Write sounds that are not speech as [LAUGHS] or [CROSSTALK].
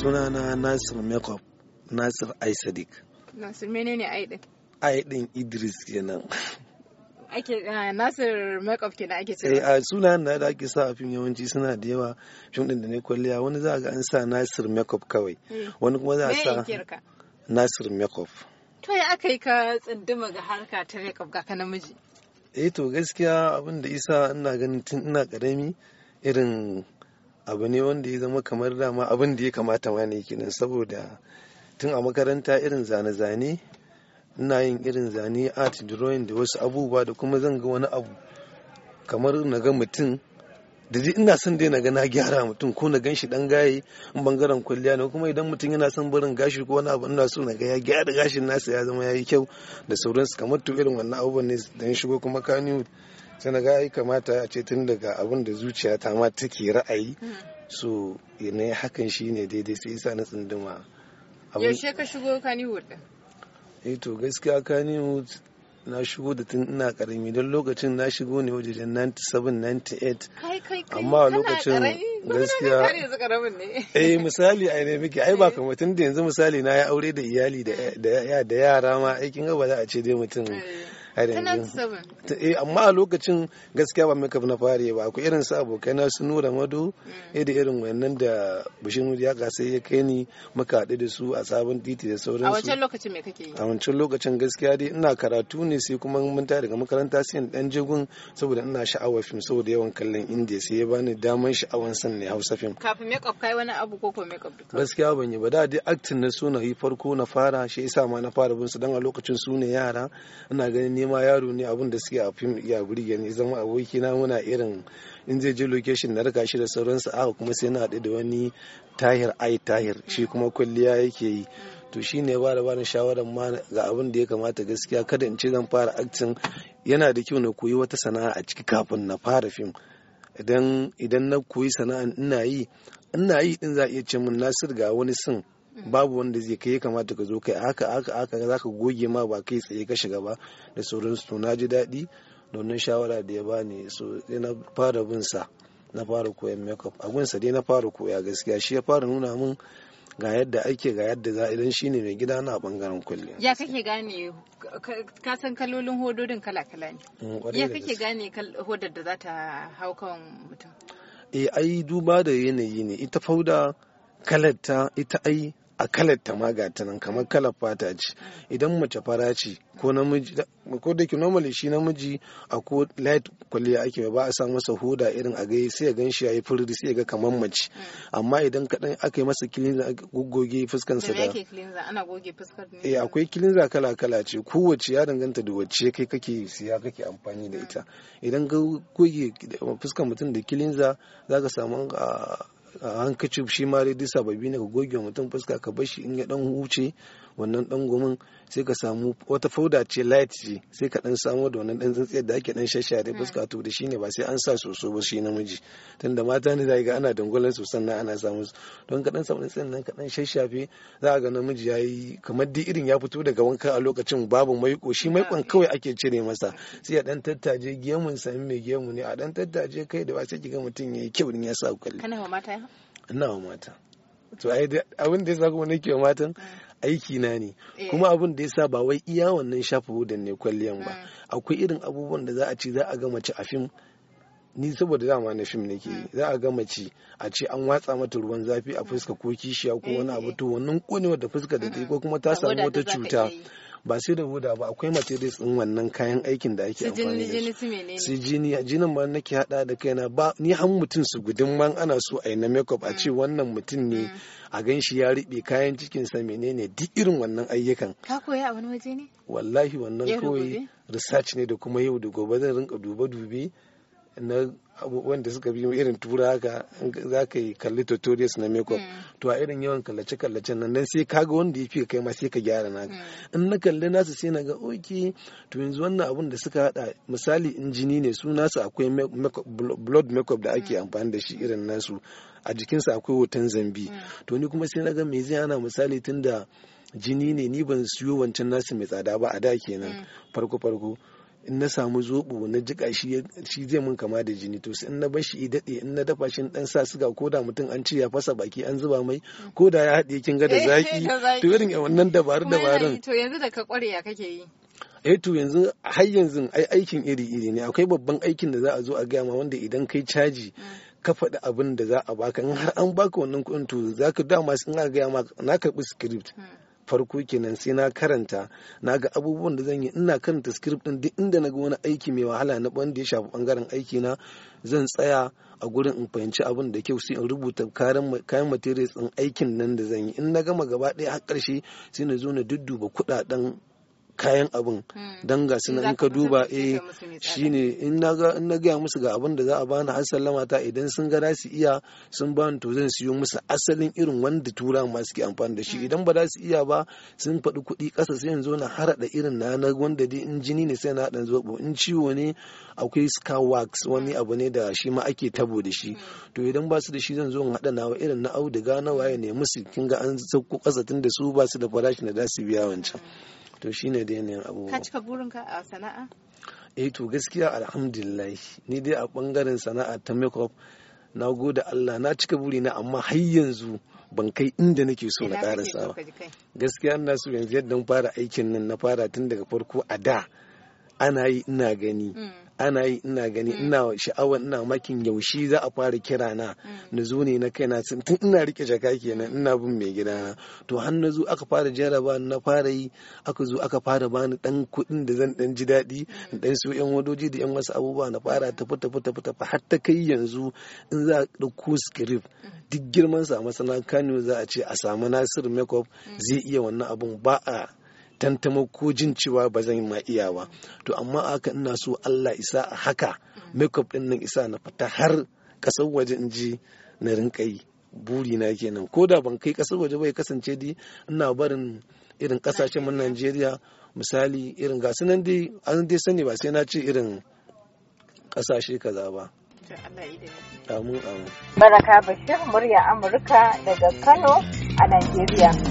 sunana nasir makeup nasir ai nasir menene ne aidin ai idris kenan [LAUGHS] ake ah, nasir makeup kenan ake cewa eh sunan na da ake sa a fim yawanci suna da yawa fim din da ne kwalliya wani za ga an sa nasir makeup kawai eh. wani kuma za a sa nasir makeup to ya aka yi ka tsinduma ga harka ta makeup ga ka namiji eh to gaskiya abin da isa ina ganin tun ina karami irin abu ne wanda ya zama kamar dama abin da ya kamata ma ne kenan saboda tun a makaranta irin zane-zane ina yin irin zane art drawing da wasu abubuwa da kuma zan ga wani abu kamar na ga mutum da zai ina son dai na ga na gyara mutum ko na gan shi dan gaye in bangaren kwalliya ne kuma idan mutum yana son barin gashi ko wani abu ina so na ga ya gyara gashin nasa ya zama ya yi kyau da sauransu kamar to irin wannan abubuwan ne dan shigo kuma kanu sai ga ya kamata a ce tun daga abin da zuciya ta ma take ra'ayi so ne hakan shine daidai sai isa na tsunduma yaushe ka shigo kanihud din eh to gaskiya kanihud na shigo da tun ina karami don lokacin na shigo ne wajen 97 98 amma lokacin gaskiya eh misali a ne muke ai ba eh. kamar tun da yanzu misali na ya aure da iyali da yara ma aikin gaba za a ce dai mutum eh. har yanzu eh amma a lokacin gaskiya ba makeup na fari ba ku irin su abokai na su nura mado mm. eh, da irin wannan da bishin ya ga sai ya kai ni muka haɗu da su a sabon titi da sauransu a wancan lokacin me kake yi a wancan lokacin gaskiya dai ina karatu ne sai kuma mun tare daga makaranta sai dan jigun saboda ina sha'awar fim saboda yawan kallon indiya sai ya bani damar sha'awar san ne hausa fim kafin makeup kai wani abu ko ko makeup gaskiya ban yi ba da dai acting na so na yi farko na fara shi yasa ma na fara bin su dan a lokacin su ne yara ina ganin ma yaro ne abin da suke a fim ya burge ni zama aboki na muna irin in zai je location na raka shi da sauransu aka kuma sai na haɗe da wani tahir ai tahir shi kuma kwalliya yake yi to shi ne ba da bani shawarar ma ga abin da ya kamata gaskiya kada in ce zan fara acting yana da kyau na koyi wata sana'a a ciki kafin na fara fim idan na koyi sana'a ina yi ina yi din za a iya ce min nasir ga wani sin babu wanda zai kai kamata ka zo kai haka haka haka za ka goge ma ba kai tsaye ka shiga ba da sauransu to na ji daɗi domin shawara da ya bani so sai na fara bin sa na fara koyan makeup a gunsa dai na fara koya gaskiya shi ya fara nuna min ga yadda ake ga yadda za idan shine mai gida na bangaren kullum ya kake gane ka san kalolin hododin kala kala ne mm, ya kake gane hodar da za ta hau kan mutum eh ai duba da yanayi ne ita fauda kalarta ita ai a kalar ta ma ta nan kamar kalar fata ce idan mace fara ce ko namiji ko da ke normally shi namiji a ko light kwalliya ake ba a sa masa huda irin a gai sai ya gan shi yayi furdi sai ya ga kamar mace amma idan kadan aka yi masa kilinza aka goggoge fuskan sa da ana goge fuskar eh akwai kilinza kala kala ce kowace ya danganta da wacce kai kake siya kake amfani da ita idan ka goge fuskan mutum da kilinza zaka samu a ah, a hankacin shi ma dai sababi ne ka goge mutum fuska ka bar shi in ya dan huce wannan dan gumin sai ka samu wata fauda ce light ce sai ka dan samu da wannan dan tsintsiyar da ake dan shashare fuska to da shine ba sai an sa soso ba shi namiji tunda mata ne zai ga ana dangolan su sannan ana samu don ka dan samu tsintsiyar nan ka dan shashafe za ga namiji yayi kamar dai irin ya fito daga wanka a lokacin babu maiko shi maikon kawai ake cire masa sai ya dan tattaje gemun sami mai gemu ne a dan tattaje kai da ba sai kiga mutum yayi kyau ne ya sa kalli. kana mata ina wa mata to ai abin da yasa kuma nake wa matan aiki na ne eh. kuma abin da yasa ba wai iya wannan shafa hudun ne kwalliyan ba mm. akwai irin abubuwan da za a ci za a ga mace a fim ni saboda dama na fim nake mm. za a ga mace a ce an watsa mata ruwan zafi a fuska ko kishiya ko eh. wani abu to wannan konewar da fuska da ta yi mm. ko kuma ta samu wata cuta ba sai da hoda ba akwai materials din wannan kayan aikin da ake amfani da su jini jinin ma nake hada da kaina ba ni han mutum su gudun man ana so a yi na makeup a ce mm. wannan mutum ne mm. a gan shi ya riɓe kayan cikin sa menene duk irin wannan ayyukan ka koya a wani waje ne wallahi wannan koyi research ne da kuma yau da gobe zan rinka dube-dube na wanda suka bi irin tura haka za ka yi kalli tutorials na makeup hmm. to a irin yawan kallace kallacen nan dan sai kaga wanda ya fi kai ma sai ka gyara naka hmm. in na kalli nasu sai na ga oke to yanzu wannan abun da suka hada misali jini ne su nasu akwai blood makeup da ake hmm. amfani da shi irin nasu a jikinsa akwai hoton zambi to ni kuma sai na ga me zai ana misali tunda jini ne ni ban siyo wancan nasu mai tsada ba a da kenan farko farko in na samu zobo na jika shi zai mun kama da jini to in na bar shi daɗe in na dafa shi dan sa suga ko da mutum an ce ya fasa baki an zuba mai ko da ya haɗe kin ga da eh, [LAUGHS] zaki to irin wannan dabaru dabarun to yanzu da ka kware ya kake yi eh to yanzu har yanzu ai aikin iri iri ne akwai babban aikin da za a zo a gaya ma wanda idan kai caji mm. ka faɗi abin da za a baka in har an baka wannan kuɗin to zaka ka dama sun gaya ma na karɓi script mm. farko kenan sai na karanta na ga abubuwan da zan yi ina karanta script din duk inda naga wani aiki mai wahala na wanda ya shafi bangaren aiki na zan tsaya a gurin in fahimci abin da kyau sai in rubuta kayan materials din aikin nan da zan yi in na gama gaba ɗaya har karshe sai na zo na dudduba kuɗaɗen kayan abin hmm. don ga suna in ka duba eh ne in na gaya musu ga abin da za a bani har sallama ta idan sun ga su iya sun bani to zan siyo musu asalin irin wanda tura ma suke amfani da shi hmm. idan ba za su iya ba sun faɗi kuɗi ƙasa sai yanzu na harada irin na na wanda dai in jini ne sai na haɗa zobo in ciwo ne akwai scar wax wani hmm. abu ne da shi ma ake tabo da shi to idan ba su da shi zan zo in haɗa nawa irin na auduga na waye ne musu kin ga an sauko ƙasa tun da su ba su da farashi na za su biya wancan to ne da yanayin abubuwa ka cika burinka a sana'a eh to gaskiya alhamdulillah ni dai a bangaren sana'a ta makeup na gode Allah na cika buri na amma har yanzu ban kai inda nake so na karasa ba gaskiya ina so yanzu yadda na fara aikin nan na fara tun daga farko a da ana yi ina gani hmm. ana yi ina gani mm. ina sha'awar ina makin yaushe za a fara kira na mm. na zo ne na kaina tun ina rike jaka kenan ina bin mai gida na to har na zo aka fara jaraba na fara yi aka zo aka fara bani dan kuɗin da zan dan ji daɗi dan su yan wadoji da yan wasu abubuwa na fara tafi tafi tafi tafi har ta kai yanzu in za a ɗauko script duk girman sa masana Kano za a ce a samu Nasir Makeup mm. zai iya wannan abun ba a tantamo ko jin cewa ba zan ma iya ba to amma aka ina so Allah isa a haka makeup din nan isa na fita har kasar waje in ji na rinka yi buri na kenan ko da ban kai kasar waje bai kasance di ina barin irin kasashen mun Najeriya misali irin gasu nan dai an dai sani ba sai na ce irin kasashe kaza ba Amin amin. Baraka Bashir murya Amurka daga Kano a Najeriya.